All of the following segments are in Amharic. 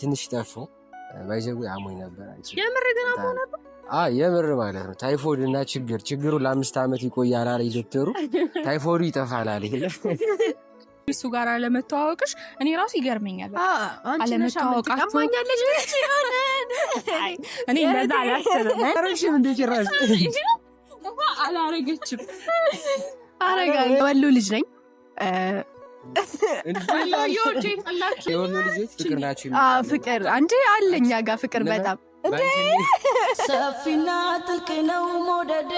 ትንሽ ጠፎ ባይዘጉ አሞኝ ነበር። የምር ግን አሞኝ ነበር። የምር ማለት ነው። ታይፎድ እና ችግር ችግሩ ለአምስት ዓመት ይቆያል አለ ዶክተሩ። ታይፎዱ ይጠፋል አለ። እሱ ጋር አለመተዋወቅሽ እኔ ራሱ ይገርመኛል። አለመተዋወቃችሁ እኔ እንደዛ አላሰብም። አረግሽም አላረገችም። አረጋ የወሎ ልጅ ነኝ ፍቅር አንድ አለኛ ጋር ፍቅር በጣም ሰፊና ጥልቅ ነው ሞደዴ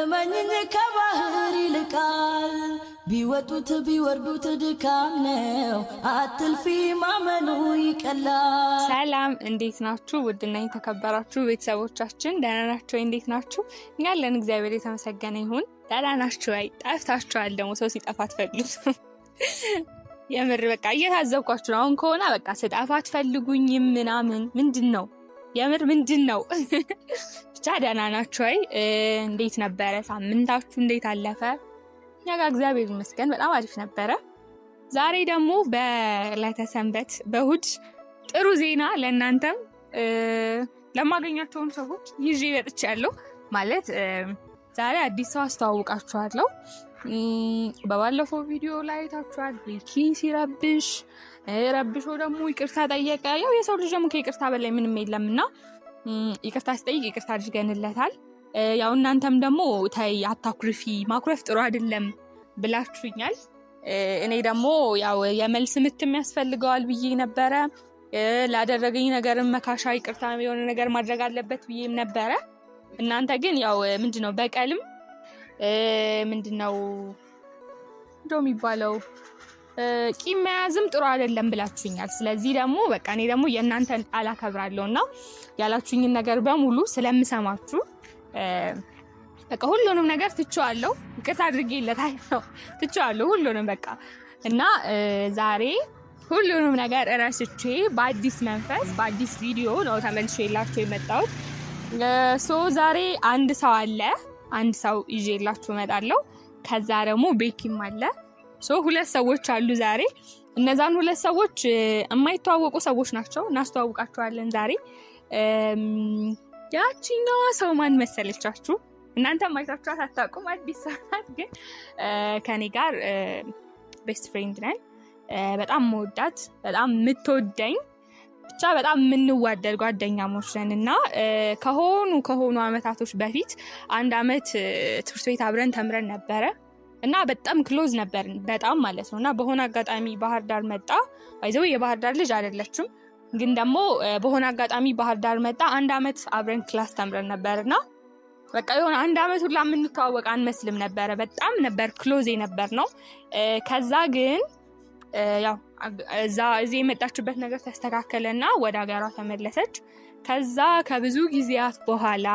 እመኝኝ ከባህር ይልቃል ቢወጡት ቢወርዱት ድካም ነው፣ አትልፊ ማመኑ ይቀላል። ሰላም እንዴት ናችሁ? ውድና የተከበራችሁ ቤተሰቦቻችን ደህና ናችሁ? እንዴት ናችሁ? እኛ ያለን እግዚአብሔር የተመሰገነ ይሁን። ደህና ናችሁ? አይ ጠፍታችኋል። ደግሞ ሰው ሲጠፋ አትፈልጉት። የምር በቃ እየታዘብኳችሁ ነው። አሁን ከሆነ በቃ ስጠፋ አትፈልጉኝም ምናምን ምንድን ነው የምር ምንድን ነው? ብቻ ደህና ናችሁ? አይ እንዴት ነበረ ሳምንታችሁ? እንዴት አለፈ? እኛ ጋር እግዚአብሔር ይመስገን በጣም አሪፍ ነበረ። ዛሬ ደግሞ በዕለተ ሰንበት በእሑድ ጥሩ ዜና ለእናንተም ለማገኛቸውን ሰዎች ይዤ መጥቻለሁ። ማለት ዛሬ አዲስ ሰው አስተዋውቃችኋለሁ። በባለፈው ቪዲዮ ላይ አይታችኋል። ቤኪ ሲረብሽ ረብሾ ደግሞ ይቅርታ ጠየቀ። ያው የሰው ልጅ ደግሞ ከይቅርታ በላይ ምንም የለምና ይቅርታ ሲጠይቅ ይቅርታ አድርገንለታል። ያው እናንተም ደግሞ ተይ አታኩርፊ፣ ማኩረፍ ጥሩ አይደለም ብላችሁኛል። እኔ ደግሞ ያው የመልስ ምትም ያስፈልገዋል ብዬ ነበረ። ላደረገኝ ነገርም መካሻ ይቅርታ የሆነ ነገር ማድረግ አለበት ብዬም ነበረ። እናንተ ግን ያው ምንድን ነው በቀልም ምንድን ነው እንደው የሚባለው ቂም መያዝም ጥሩ አይደለም ብላችሁኛል። ስለዚህ ደግሞ በቃ እኔ ደግሞ የእናንተን ቃል አከብራለሁ እና ያላችሁኝን ነገር በሙሉ ስለምሰማችሁ በቃ ሁሉንም ነገር ትቼዋለሁ። ይቅርታ አድርጌለታል ነው ትቼዋለሁ፣ ሁሉንም በቃ እና ዛሬ ሁሉንም ነገር እረስቼ በአዲስ መንፈስ በአዲስ ቪዲዮ ነው ተመልሼላችሁ የመጣሁት። ሶ ዛሬ አንድ ሰው አለ፣ አንድ ሰው ይዤላችሁ እመጣለሁ። ከዛ ደግሞ ቤኪም አለ። ሶ ሁለት ሰዎች አሉ ዛሬ። እነዛን ሁለት ሰዎች የማይተዋወቁ ሰዎች ናቸው፣ እናስተዋውቃቸዋለን ዛሬ ያቺኛዋ ሰው ማን መሰለቻችሁ? እናንተ ማይታችኋት አታውቁም። አዲስ ሰዓት ግን ከኔ ጋር ቤስት ፍሬንድ ነን። በጣም መወዳት በጣም የምትወደኝ ብቻ በጣም የምንዋደድ ጓደኛሞች ነን እና ከሆኑ ከሆኑ አመታቶች በፊት አንድ አመት ትምህርት ቤት አብረን ተምረን ነበረ እና በጣም ክሎዝ ነበርን፣ በጣም ማለት ነው። እና በሆነ አጋጣሚ ባህር ዳር መጣ። ይዘው የባህር ዳር ልጅ አይደለችም ግን ደግሞ በሆነ አጋጣሚ ባህር ዳር መጣ። አንድ አመት አብረን ክላስ ተምረን ነበር እና በቃ የሆነ አንድ አመት ሁላ የምንተዋወቅ አንመስልም ነበረ። በጣም ነበር ክሎዝ ነበር ነው። ከዛ ግን ያው እዛ እዚህ የመጣችበት ነገር ተስተካከለ ና ወደ ሀገሯ ተመለሰች። ከዛ ከብዙ ጊዜያት በኋላ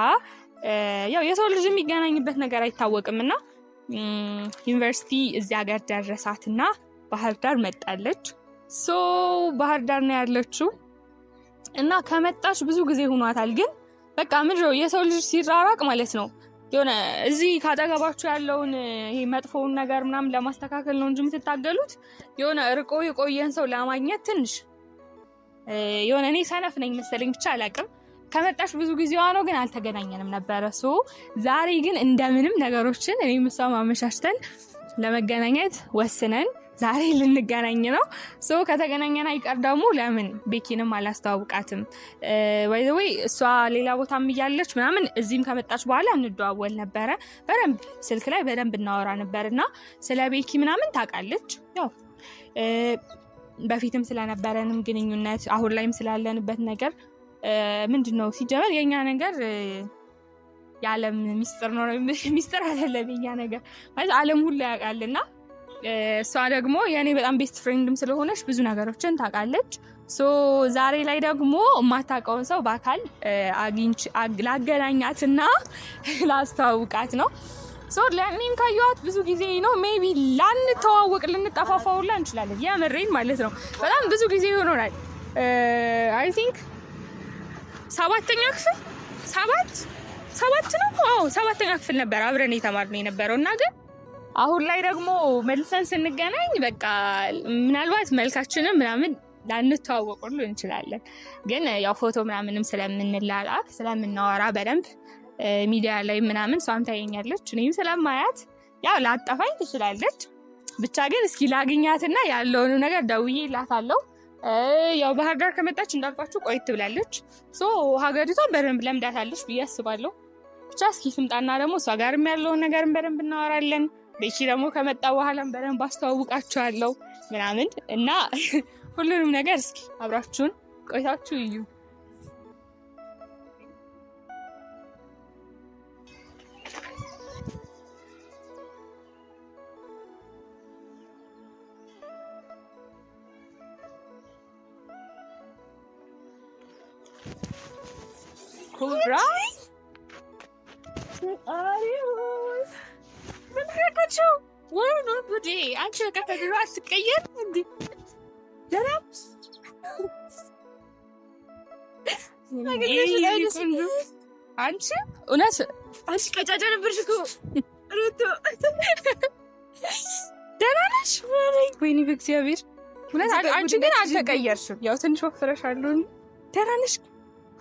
ያው የሰው ልጅ የሚገናኝበት ነገር አይታወቅም እና ዩኒቨርሲቲ እዚህ ሀገር ደረሳት እና ባህር ዳር መጣለች። ሶ ባህር ዳር ነው ያለችው። እና ከመጣች ብዙ ጊዜ ሆኗታል። ግን በቃ ምድ የሰው ልጅ ሲራራቅ ማለት ነው የሆነ እዚህ ካጠገባችሁ ያለውን ይሄ መጥፎውን ነገር ምናምን ለማስተካከል ነው እንጂ የምትታገሉት የሆነ ርቆ የቆየን ሰው ለማግኘት ትንሽ የሆነ እኔ ሰነፍ ነኝ መሰለኝ ብቻ አላቅም። ከመጣች ብዙ ጊዜዋ ነው ግን አልተገናኘንም ነበረ። ሶ ዛሬ ግን እንደምንም ነገሮችን እኔ ምሳ አመቻችተን ለመገናኘት ወስነን ዛሬ ልንገናኝ ነው። ሶ ከተገናኘን አይቀር ደግሞ ለምን ቤኪንም አላስተዋውቃትም? ወይ እሷ ሌላ ቦታም እያለች ምናምን እዚህም ከመጣች በኋላ እንደዋወል ነበረ። በደንብ ስልክ ላይ በደንብ እናወራ ነበር እና ስለ ቤኪ ምናምን ታውቃለች ያው በፊትም ስለነበረንም ግንኙነት አሁን ላይም ስላለንበት ነገር ምንድን ነው ሲጀመር የኛ ነገር የዓለም ሚስጥር ነው። ሚስጥር አይደለም የእኛ ነገር ማለት ዓለም ሁሉ ያውቃልና እሷ ደግሞ የእኔ በጣም ቤስት ፍሬንድም ስለሆነች ብዙ ነገሮችን ታውቃለች። ሶ ዛሬ ላይ ደግሞ የማታውቀውን ሰው በአካል ላገናኛትና ላስተዋውቃት ነው። ሶ ለእኔም ካየኋት ብዙ ጊዜ ነው ሜቢ ቢ ላንተዋወቅ ልንጠፋፋውላ እንችላለን። የምሬን ማለት ነው። በጣም ብዙ ጊዜ ይሆኖናል። አይ ቲንክ ሰባተኛ ክፍል ሰባት ሰባት ነው። አዎ ሰባተኛ ክፍል ነበር አብረን የተማርነው የነበረው እና ግን አሁን ላይ ደግሞ መልሰን ስንገናኝ በቃ ምናልባት መልካችንም ምናምን ላንተዋወቅ ሁሉ እንችላለን። ግን ያው ፎቶ ምናምንም ስለምንላላክ ስለምናወራ በደንብ ሚዲያ ላይ ምናምን እሷም ታየኛለች እኔም ስለማያት ያው ላጠፋኝ ትችላለች። ብቻ ግን እስኪ ላግኛትና ያለውን ነገር ደውዬ ላታለው። ያው ባህር ዳር ከመጣች እንዳልኳችሁ ቆይት ብላለች። ሀገሪቷን በደንብ ለምዳታለች ብዬ አስባለሁ። ብቻ እስኪ ስምጣና ደግሞ እሷ ጋርም ያለውን ነገርም በደንብ እናወራለን። ቤኪ ደግሞ ከመጣ በኋላም በደንብ አስተዋውቃችኋለሁ ምናምን እና ሁሉንም ነገር እስኪ አብራችሁን ቆይታችሁ እዩ። አንቺ እውነት አንቺ ቀጫጫ ነበርሽ እኮ ሩቱ። ደህና ነሽ? ወይኔ በእግዚአብሔር እውነት አንቺ ግን አልተቀየርሽም። ያው ትንሽ ወፍረሻል። ደህና ነሽ?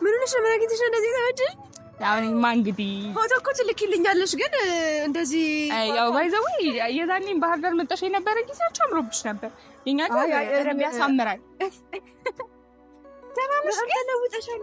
ምን ሆነሽ ነው መላጌትሽ እንደዚህ ተመችሽ? አሁንማ እንግዲህ ፎቶ እኮ ትልኪልኛለሽ፣ ግን እንደዚህ ያው ባይዘው የዛኔም ባህር ዳር መጣሽ የነበረ ጊዜያቸው አምሮብሽ ነበር። የኛ ያሳምራል። ደህና ነሽ? ግን ለውጠሻል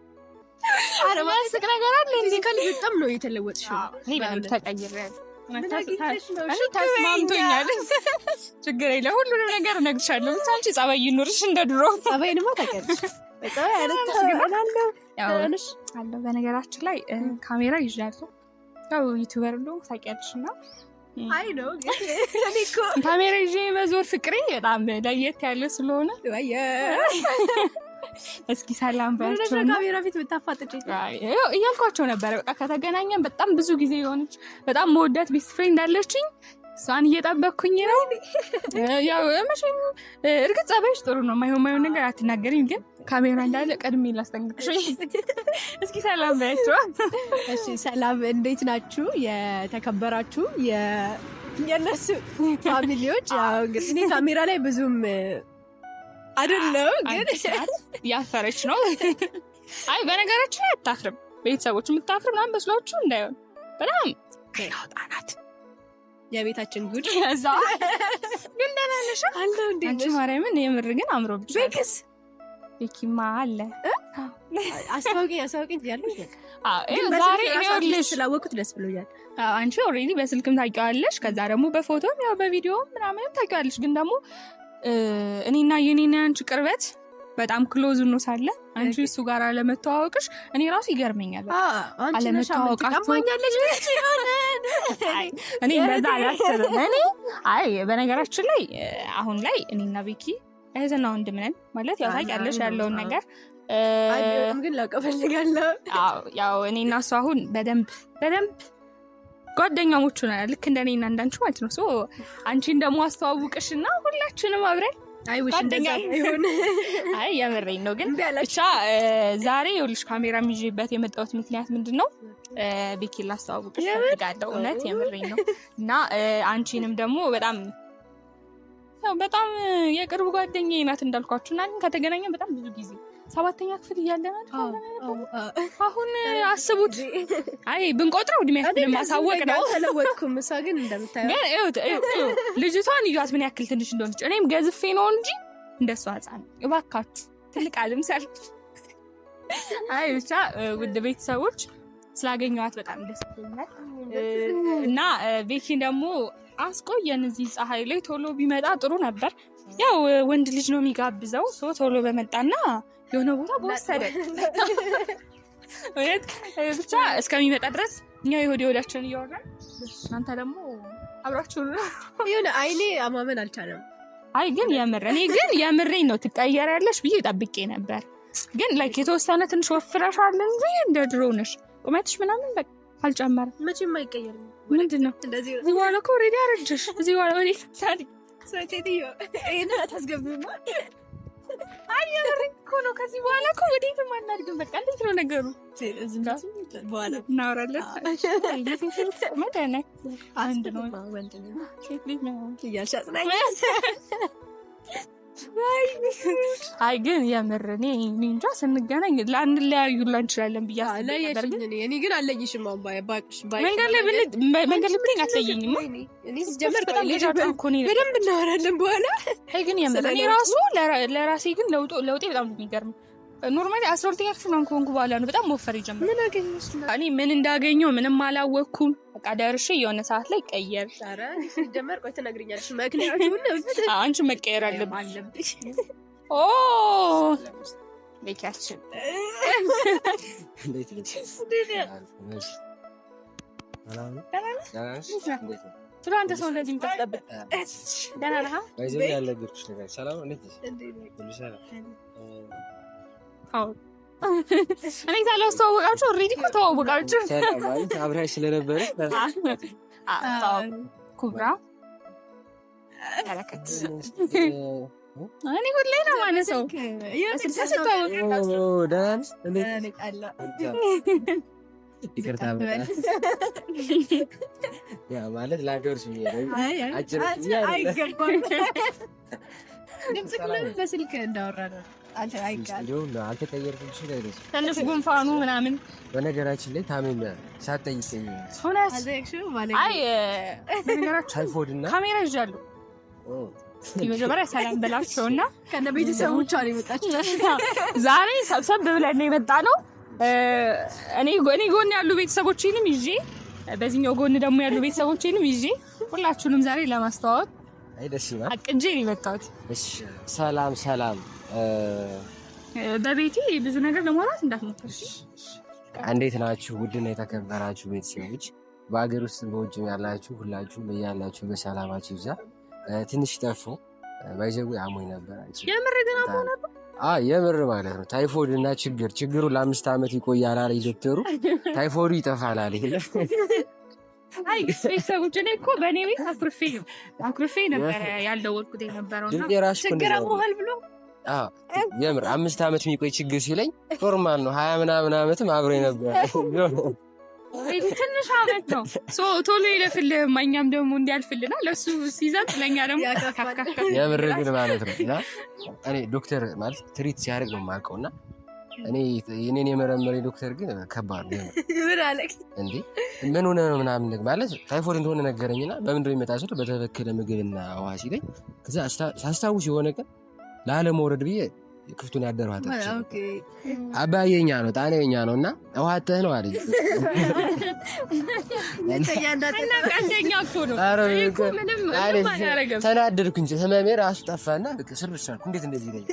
በጣም ነው የተለወጥሽው። ተስማምቶኛል። ችግር የለም ሁሉንም ነገር እነግርሻለሁ። ብቻ አንቺ ጸባይ ይኑርሽ እንደ ድሮ። ጸባይንማ በነገራችን ላይ ካሜራ ይዣለሁ። ያው ዩቲዩበር እንደሆንኩ ታውቂያለሽ እና ካሜራ ይዤ መዞር ፍቅሬ በጣም ለየት ያለ ስለሆነ እስኪ ሰላም በያቸው ካሜራ ፊት ብታፋጥጭ እያልኳቸው ነበረ። በቃ ከተገናኘን በጣም ብዙ ጊዜ የሆነች በጣም መወዳት ቤስት ፍሬንድ እንዳለችኝ እሷን እየጠበኩኝ ነው። ያው መቼም እርግጥ ጸባይሽ ጥሩ ነው፣ ማይሆን ማይሆን ነገር አትናገሪም፣ ግን ካሜራ እንዳለ ቀድሜ ላስጠንቅቅሽ። እስኪ ሰላም በያቸው። ሰላም፣ እንዴት ናችሁ የተከበራችሁ የእነሱ ፋሚሊዎች? እኔ ካሜራ ላይ ብዙም አይደለም ግን ያፈረች ነው። አይ በነገራችን ላይ አታፍርም። ቤተሰቦች የምታፍር ምናምን መስሏችሁ እንዳይሆን በጣም ገላውጣ ናት። የቤታችን ጉድ ያዛ ግን ደህና ነሽ አለው እንዴ? አንቺ ማርያምን የምር ግን አምሮብሽ። ቤክስ ቤኪማ አለ አስታውቂ አስታውቂ ያለሽ ዛሬ ይኸውልሽ፣ ስላወቅኩት ደስ ብሎኛል። አንቺ ኦልሬዲ በስልክም ታውቂዋለሽ፣ ከዛ ደግሞ በፎቶም ያው በቪዲዮ ምናምንም ታውቂዋለሽ። ግን ደግሞ እኔና የኔና አንቺ ቅርበት በጣም ክሎዝ ሳለ አንቺ እሱ ጋር አለመተዋወቅሽ እኔ ራሱ ይገርመኛል። አለመተዋወቃቸውእኔ በዛ አላስብም። እኔ አይ በነገራችን ላይ አሁን ላይ እኔና ቤኪ እህትና ወንድም ነን ማለት ያው ታውቂያለሽ ያለውን ነገር ግን ላውቅ እፈልጋለሁ። ያው እኔና እሱ አሁን በደንብ በደንብ ጓደኛሞቹ ነን ልክ እንደኔ እና እንዳንቺ ማለት ነው። ሶ አንቺን ደግሞ አስተዋውቅሽ እና ሁላችንም አብረን አይ የምረኝ ነው ግን ብቻ ዛሬ የውልሽ ካሜራ የሚይዤበት የመጣሁት ምክንያት ምንድን ነው? ቤኪ ላስተዋውቅሽ ፈልጋለሁ። እውነት የምረኝ ነው እና አንቺንም ደግሞ በጣም በጣም የቅርብ ጓደኛዬ ናት እንዳልኳችሁ እና ከተገናኘ በጣም ብዙ ጊዜ ሰባተኛ ክፍል ናት። አሁን አስቡት። አይ ብንቆጥረው እድሜያችንን ማሳወቅ ነው። ተለወጥኩም እሷ ግን እንደምታየው ልጅቷን እዩት ምን ያክል ትንሽ እንደሆነች። እኔም ገዝፌ ነው እንጂ እንደሷ ሕፃን እባካችሁ ትልቅ አልምሰል። አይ ብቻ ውድ ቤተሰቦች ስላገኘዋት በጣም ደስ ይለኛል እና ቤኪን ደግሞ አስቆየን። እዚህ ፀሐይ ላይ ቶሎ ቢመጣ ጥሩ ነበር። ያው ወንድ ልጅ ነው የሚጋብዘው። ሰው ቶሎ በመጣና የሆነ ቦታ በወሰደ ብቻ እስከሚመጣ ድረስ እኛ የሆድ የሆዳችንን እያወራን እናንተ ደግሞ አብራችሁ የሆነ አይኔ አማመን አልቻለም። አይ ግን የምር እኔ ግን የምሬኝ ነው ትቀየሪያለሽ ብዬ ጠብቄ ነበር። ግን ላይክ የተወሰነ ትንሽ ወፍረሻል እንጂ እንደ ድሮ ነሽ። ቁመትሽ ምናምን በቃ አልጨመረም። መቼም አይቀየርም። ምንድን ነው እዚህ በኋላ እኮ ኦልሬዲ አረጀሽ። እዚህ በኋላ እኔ ታዲያ ከዚህ በኋላ እኮ ወዴትም አናድግም። በቃ እንዴት ነው ነገሩ? እናወራለን። አንድ ነው ወንድ ነው አይ ግን የምር እኔ እንጃ ስንገናኝ ላንለያዩላ እንችላለን ብዬ ግን አለይሽም። መንገድ ላይ ብትለኝ አትለይኝም። እናወራለን በኋላ። ግን የምር እኔ ራሱ ለራሴ ግን ለውጤ በጣም የሚገርም ኖርማሊ አስራ ሁለተኛ ክፍል ምናምን ከሆንኩ በኋላ ነው በጣም መወፈር የጀመረው። ምን እኔ ምን እንዳገኘው ምንም አላወቅኩም። በቃ ደርሼ የሆነ ሰዓት ላይ ቀየር ጀመር። ቆይ ትነግሪኛለሽ። ምክንያቱም አንቺ መቀየር አለብሽ። ኦ ቤኪያችን ስለ አንተ ሰው እንደዚህ የምታስጠብቅ ደህና ነህ? እኔ ሳላስተዋወቃችሁ ኦልሬዲ እኮ ተዋወቃችሁ። አብራሽ ስለነበረ ኩብራ ተረከት እኔ ሁሌ ነው ማነሰው ይቅርታ ማለት ለሀገር ድምፅ በስልክ እንዳወራ ነው ትንሽ ጉንፋኑ ምናምን በነገራችን ላይ ታሜም ሳትጠይቀኝ ታይፎይድና ካሜራ ይዣለሁ። የመጀመሪያ ሰላም ብላቸው እና ከቤተሰቦቿ ነው የመጣችው። ዛሬ ሰብሰብ ብለን ነው የመጣ ነው። እኔ ጎን ያሉ ቤተሰቦችንም ይዤ በዚህኛው ጎን ደግሞ ያሉ ቤተሰቦችንም ይዤ ሁላችሁንም ዛሬ ለማስተዋወቅ አቅጄ ነው የመጣሁት። ሰላም ሰላም በቤቴ ብዙ ነገር ለማውራት እንዳትሞክር። እንዴት ናችሁ? ውድና የተከበራችሁ ቤተሰቦች በሀገር ውስጥ በውጭ ያላችሁ ሁላችሁ በያላችሁ በሰላማችሁ ይብዛ። ትንሽ ጠፎ ባይዘጉ አሞኝ ነበር። የምር ግን አሞኝ ነበር። የምር ማለት ነው። ታይፎድ እና ችግር ችግሩ ለአምስት ዓመት ይቆያል አለ ዶክተሩ። ታይፎዱ ይጠፋል አለ። አይ ቤተሰቦች፣ እኔ እኮ በእኔ ቤት አኩርፌ ነው አኩርፌ ነበረ ያለው ወልኩት የነበረው ችግር አሞሃል ብሎ የምር አምስት ዓመት የሚቆይ ችግር ሲለኝ ኖርማል ነው። ሀያ ምናምን ዓመትም አብሮ ነበር። ትንሽ ዓመት ነው ቶሎ ይለፍልህ። ማኛም ደግሞ እንዲያልፍልና ለሱ ሲዘንጥ ለኛ ደግሞ የምር ግን ማለት ነው እና እኔ ዶክተር ማለት ትሪት ሲያደርግ ነው የማውቀው እና እኔ እኔን የመረመረ ዶክተር ግን ከባድ ነው። እንደ ምን ሆነ ነው ምናምን ማለት ታይፎድ እንደሆነ ነገረኝና በምንድነው የሚመጣ ስለው በተበከለ ምግብና ውሃ ሲለኝ ከዛ ሳስታውስ የሆነ ቀን ላለመውረድ ብዬ ክፍቱን ያደረው አባዬ የኛ ነው፣ ጣኔ የኛ ነው እና እዋተህ ነው አለኝ። ተናደድኩኝ፣ ህመሜ ራሱ ጠፋና ስር ስርኩ። እንዴት እንደዚህ ይለኝ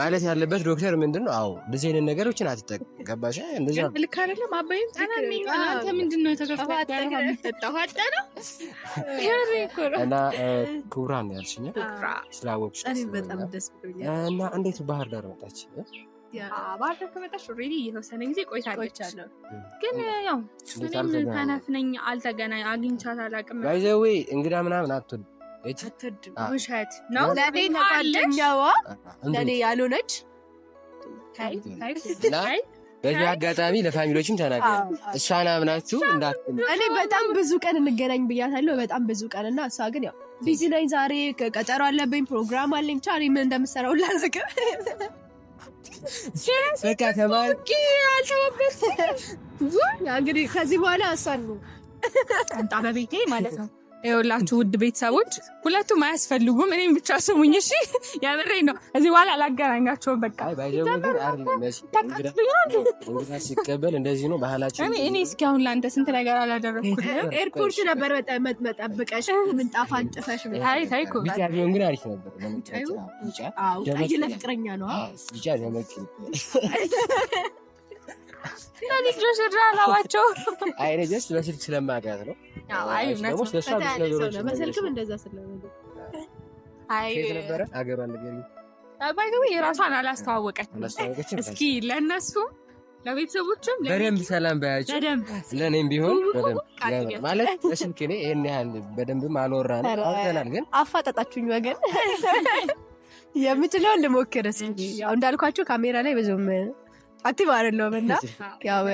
ማለት ያለበት ዶክተር ምንድን ነው? አዎ እንደዚህ አይነት ነገሮችን አትጠቀም። ገባሽ? እንደዚህ ነው ልክ አይደለም። አባዬም እና ክቡራን ያልሽኝ ስላወቅሽ እና እንዴት ባህር ዳር መጣች። ባህር ዳር ከመጣች ኦልሬዲ የተወሰነ ጊዜ ቆይታለች። ግን ያው እኔም ተነፍነኝ አልተገናኝ አግኝቻት አላውቅም። ባይዘዌ እንግዳ ምናምን አትወድ አትወድም። ውሸት ነው። ለእኔ ተቃለኛዋ ለእኔ ያልሆነች በዚህ አጋጣሚ ለፋሚሊዎችም ተናገር። እሷን አምናችሁ እንዳትሉ። እኔ በጣም ብዙ ቀን እንገናኝ ብያታለሁ። በጣም ብዙ ቀን እና እሷ ግን ያው ቢዚ ነኝ፣ ዛሬ ቀጠሮ አለብኝ፣ ፕሮግራም አለኝ፣ ብቻ እኔ ምን እንደምሰራው ላዘገ በቃ ተማር እንግዲህ ከዚህ በኋላ እሷን ነው ጣ በቤቴ ማለት ነው የወላችሁ ውድ ቤተሰቦች ሁለቱም አያስፈልጉም። እኔም ብቻ ስሙኝ እሺ። የምሬ ነው። እዚህ በኋላ አላገናኛቸውም። በቃ እንደዚህ ነው ባህላችን። እኔ እስኪ አሁን ለአንተ ስንት ነገር አላደረግኩትም። ኤርፖርት ነበር በጣም መጠብቀሽ ምንጣፍ አንጥፈሽ ቢሆን ግን አሪፍ ነበር። ለፍቅረኛ ነው ላቸው አይ እኔ ጀስት በስልክ ስለማውቃት ነው። የራሷን አላስተዋወቀችም። እስኪ ለቤተሰቦችም በደንብ ሰላም በያቸው። ለእኔም ቢሆን ማለት በስልክ እኔ ይህን ያህል በደንብም አውተናል፣ ግን አፋጠጣችሁኝ ወገን የምችለውን ልሞክር። እስኪ እንዳልኳቸው ካሜራ ላይ ብዙም አክቲቭ አይደለሁም እና ያው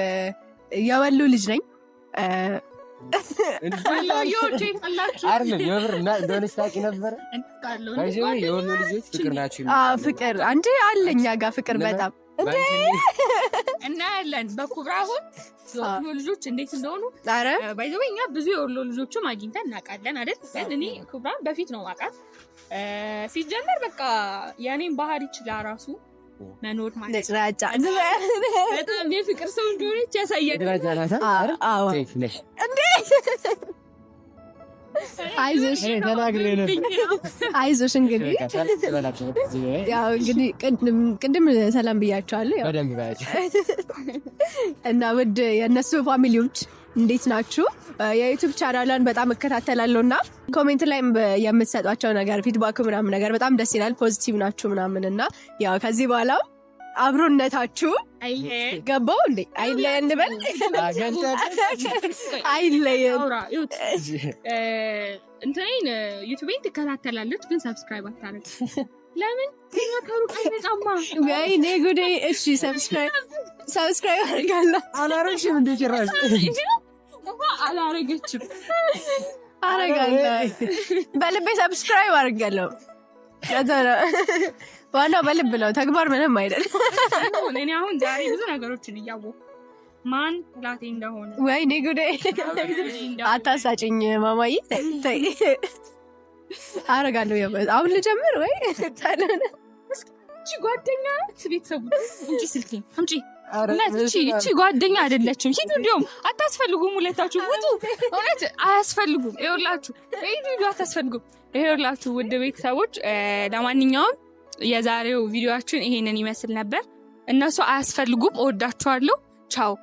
የወሎ ልጅ ነኝ። ፍቅር አንድ አለ እኛ ጋር ፍቅር በጣም እናያለን። በኩብራ አሁን የወሎ ልጆች እንዴት እንደሆኑ ባይዘ እኛ ብዙ የወሎ ልጆችም አግኝተን እናውቃለን አይደል? ግን እኔ ኩብራን በፊት ነው ማውቃት ሲጀመር በቃ የእኔም ባህሪ ይችላ ራሱ መኖር ማለት በጣም የፍቅር ሰው እንደሆነች አይዞሽ እንግዲህ ያው እንግዲህ ቅድም ሰላም ብያቸዋለሁ እና ውድ የእነሱ ፋሚሊዎች እንዴት ናችሁ? የዩቱብ ቻናሏን በጣም እከታተላለሁ እና ኮሜንት ላይ የምትሰጧቸው ነገር ፊድባክ ምናምን ነገር በጣም ደስ ይላል። ፖዚቲቭ ናችሁ ምናምን እና ያው ከዚህ በኋላ አብሮነታችሁ ገባው እንዴ አይለየ እንበል አይለየን። እንትኔን ዩቱቤን ትከታተላለች ግን ሰብስክራይብ አታረግ ለምን ከሩቅ አይመጣማ? ወይኔ ጉዴ! እሺ ሰብስክራይብ ሰብስክራይብ አርጋለ አላረግሽም እንዴ ጭራሽ አላረገችም። በልቤ ሰብስክራይብ አድርጋለሁ። ዋናው በልብ ነው፣ ተግባር ምንም አይደለም። እኔ አሁን ዛሬ ብዙ ነገሮችን እያወቅሁ ማን ላቴ እንደሆነ ጉዳይ አታሳጭኝ ማማዬ። አረጋለሁ። አሁን ልጀምር ወይ ጓደኛ ቤተሰቡ እንጂ ስልኬ አምጪ እቺ ጓደኛ አይደለችም። ሂዱ፣ እንዲሁም አታስፈልጉም። ሁለታችሁ ውጡ፣ እውነት አያስፈልጉም። ይኸውላችሁ ሂዱ፣ አታስፈልጉም። ይኸውላችሁ ውድ ቤተሰቦች፣ ለማንኛውም የዛሬው ቪዲዮችን ይሄንን ይመስል ነበር። እነሱ አያስፈልጉም። እወዳችኋለሁ። ቻው